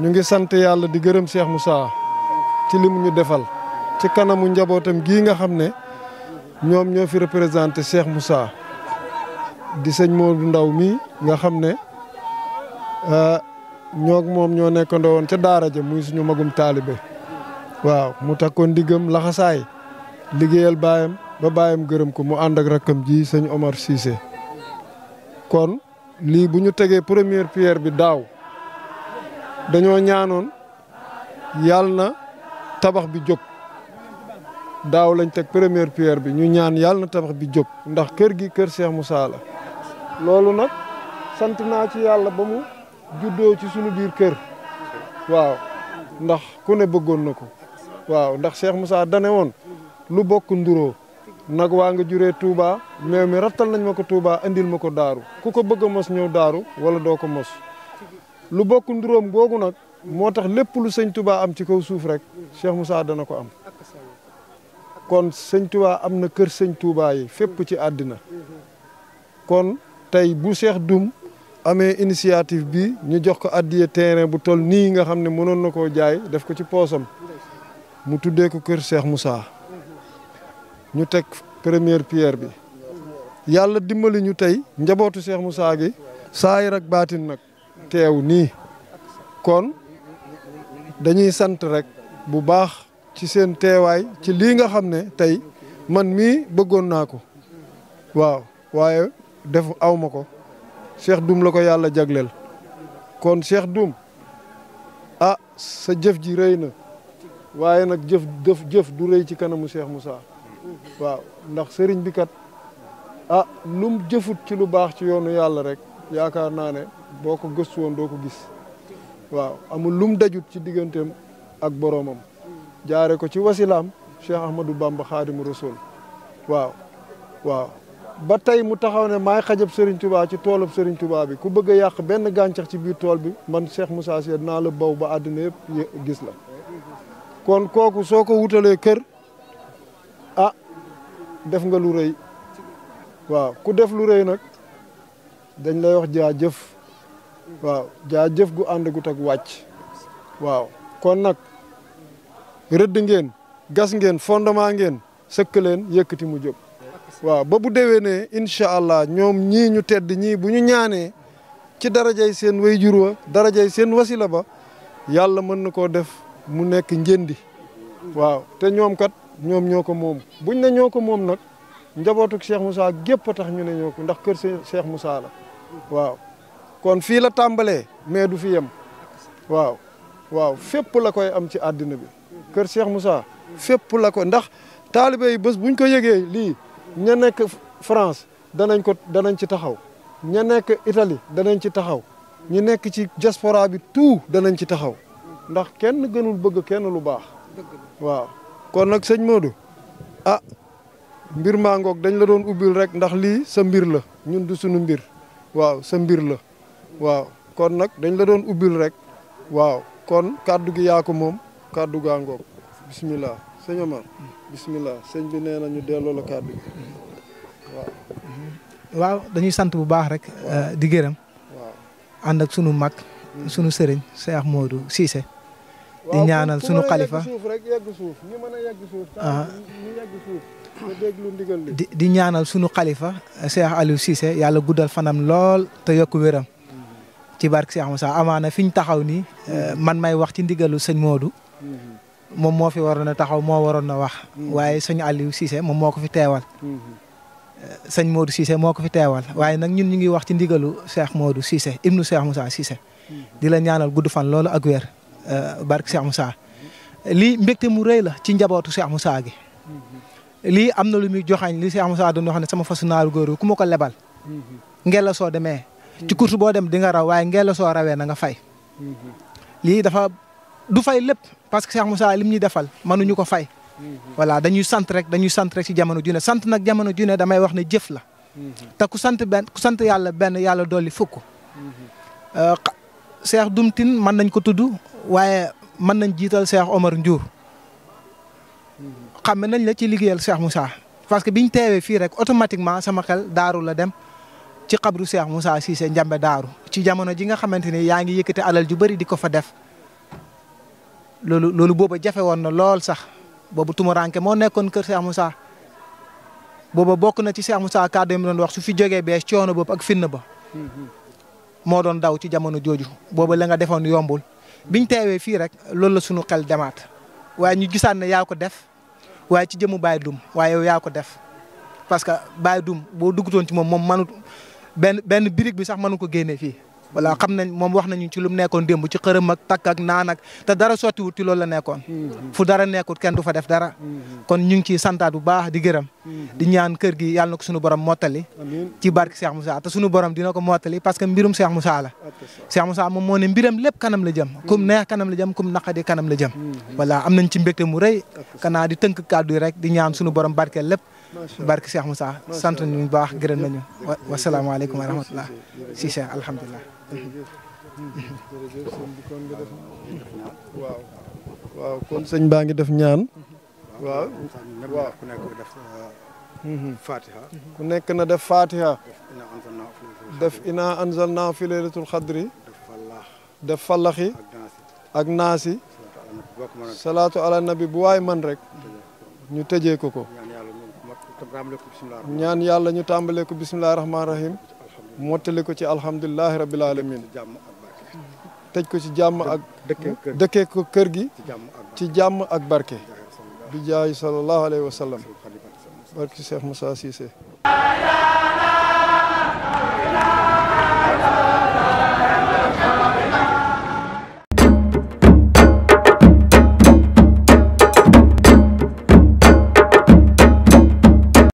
ñu ngi sant yàlla di gërëm mu saa ci li mu ñu defal ci kanamu njabootam gii nga xam ne ñoom ñoo fi représenté mu saa di sëñ Modou Ndaw mi nga xam ne ah, ñoog moom ñoo nekkandoo woon ca daara ja muy suñu magum taalibe waaw mu takkoon diggam laxasaay liggéeyal baayam ba baayam gërëm ko mu ànd ak rakkam ji sëñ Omar Cissé kon lii bu ñu tegee première pierre bi daaw dañoo ñaanoon yàll na tabax bi jóg daaw lañ teg première pierre bi ñu ñaan yàll na tabax bi jóg ndax kër gi kër Cheikh Moussa la loolu nag sant naa ci yàlla ba mu juddoo ci suñu biir kër waaw ndax ku ne bëggoon na ko waaw ndax Cheikh Moussa dane woon lu bokk nduroo nag waa nga juree Touba meew mi rattal nañ ma ko tuubaa andil ma ko daaru ku ko bëgg a mos ñëw daaru wala doo ko mos lu bokk nduroom googu nag moo tax lépp lu sëñ tubaa am ci kaw suuf rek Cheikh Moussa dana ko am kon sëñ tubaa am na kër sëñ tubaa yi fépp ci àddina kon tey bu Cheikh Dum amee initiative bi ñu jox ko addiye terrain bu toll nii nga xam ne mënoon na koo jaay def ko ci poosam mu tuddee ko kër Cheikh Moussa ñu teg première pierre bi yàlla dimbali ñu tey njabootu Cheikh Moussa gi saayir rek baatin nag teew nii kon dañuy sant rek bu baax ci seen teewaay ci lii nga xam ne tey man mii bëggoon naa ko waaw waaye def awma ko Cheikh Doum la ko yàlla jagleel kon Cheikh Doum a ah, sa jëf ji rëy na waaye nag jëf jëf jëf du rëy ci kanamu Cheikh Moussa waaw ndax sëriñ bi kat a ah, lum jëfut ci lu baax ci yoonu yàlla rek yaakaar naa ne boo ko gëstu woon doo ko gis waaw amul lum dajut ci digganteem ak boroomam jaare ko ci wasilaam Cheikh Ahmadou Bamba Xaadimu Rasul waaw waaw ba tey mu taxaw ne maay xajab Serigne Touba ci toolub Serigne Touba bi ku bëgg a yàq benn gàncax ci biir tool bi man Cheikh Moussa Sy naa la baw ba àddina yëpp gis la kon kooku soo ko wutalee kër ah def nga lu rëy waaw ku def lu rëy nag dañ lay wax jëf waaw jaa jëf gu ànd gu tak wàcc waaw kon nag rëdd ngeen gas ngeen fondement ngeen sëkk leen yëkkati mu jóg waaw ba bu déwénee incha allah ñoom ñii ñu tedd ñii bu ñu ñaanee ci darajay seen wayjur wa darajay seen wasila ba yàlla mën na koo def mu nekk njëndi waaw te ñoom kat ñoom ñoo ko moom buñ ne ñoo ko moom nag njabootuk Cheikh Moussa gépp a tax ñu ne ñoo ko ndax kër Cheikh Moussa la waaw kon fi la tambalé mais du fi yam waaw waaw fepp la koy am ci àddina bi keur Cheikh Moussa fepp la ko ndax talibé yi bëss buñ ko yégué li ña nek France danañ ko danañ ci taxaw ña nekk Italie danañ ci taxaw ñi nek ci diaspora bi tout danañ ci taxaw ndax kenn gënul bëgg kenn lu baax waaw kon nak seigne Modou ah mbir ma ngok dañ la doon ubbil rek ndax li sa mbir la ñun du suñu mbir waaw sa mbir la waaw kon nak dañ la doon ubbil rek waaw kon kaddu gi yaa ko moom kaddu gaa ngoog bismillah sëñ Omar bismillah sëñ bi nee na ñu delloo la kaddu gi waaw. waaw dañuy sant bu baax rek. Eh, di gërëm. waaw ànd ak sunu mag. Mm. sunu sëriñ Cheikh Modou Cissé. di ñaanal sunu xalifa ah. di di ñaanal sunu xalifa eh, Cheikh Aliou Cissé yàlla guddal fanam lool te yokk wéram. ci barke Cheikh Moussa amaana fi ñu taxaw ni mm-hmm. man may wax ci ndigalu sëñ Modou. Mm-hmm. moom moo fi waroon a taxaw moo waroon a wax. Mm-hmm. waaye sëñ Aliou Cissé moom moo ko fi teewal. Eh, sëñ Modou Cissé moo ko fi teewal waaye nag ñun ñu ngi wax ci ndigalu Cheikh Modou Cissé ibnu Cheikh Moussa di la ñaanal gudd fan loolu ak weer eh, barke Cheikh Moussa. lii mbégte mu rëy la ci njabootu mu Moussa gi. lii am na lu muy joxañ li Cheikh mu doon wax ne sama fasu naaru góor ku ma ko lebal. ngeen la soo demee ci course boo dem di nga raw waaye ngela soo rawee na nga fay. lii dafa du fay lépp parce que Cheikh Moussa lim ñuy defal mënuñu ko fay. voilà dañuy sant rek dañuy sant rek jamono ju sant nag jamono ju ne damay wax ne jëf la. te sant benn sant yàlla benn yàlla dolli fukk. Euh, Cheikh Dumtin mën nañ ko tudd waaye mën nañ jiital Cheikh Omar Ndiour. xam nañ la ci liggéeyal Cheikh Moussa parce que biñ teewee fii rek automatiquement sama xel daarul la dem. ci xabru Cheikh Moussa Cissé Njambe Daaru ci jamono ji nga xamante ni yaa ngi yëkkate alal ju bëri di ko fa def loolu loolu booba jafe woon na lool sax boobu tumuraanke moo nekkoon kër Cheikh Moussa booba bokk na ci Cheikh Moussa kàddu yi mu doon wax su fi jógee bees coono boobu ak finn ba moo doon daw ci jamono jooju booba la nga defoon yombul biñ teewee fii rek loolu la sunu xel demaat waaye ñu gisaat ne yaa ko def waaye ci jëmu Baye Dum waaye yow yaa ko def parce que Baye Dum boo duggutoon ci moom moom manut benn benn birig bi sax mënu ko génnee fii. voilà hmm. xam nañ moom wax nañu ci lu mu nekkoon démb ci xërëm ak takk ak naan ak te dara sottiwut ci loolu la nekkoon. Hmm. fu dara nekkut kenn du fa def dara. Hmm. kon ñu ngi ciy santaat bu baax di gërëm. di ñaan kër gi yàlla na ko suñu borom mottali. ci barke mu Moussa te suñu borom dina ko mottali parce que mbirum seex mu Moussa la. Cheikh Moussa moom moo ne mbiram lépp kanam la jëm. kum neex kanam la jëm kum naqadi kanam la jëm. voilà am nañ ci mbégte mu rëy. kanaa di tënk kàddu yi rek di ñaan suñu borom barkeel lépp. barke Cheikh Moussa sant nañu bu baax gërëm nañu wasalaamaaleykum wa rahmatulah si Cheikh alhamdulilah. kon sëñ baa ngi def ñaan. waaw waaw ku nekk na def fatiha. def inna anzalna fi laylatul xadri. def fallaxi ak salaatu ala nabi bu waay man rek. ñu tëjee ko ko. ñaan yàlla ñu tàmbalee ko bisimilah rahmaani rahim. ko ci alhamdulilah rabil aalamiin. tëj ko ci jàmm ak. dëkkee ko kër gi. ci jàmm ak barke. bi jaay sallallahu alayhi wa sallam. barki Cheikh Moussa Cissé.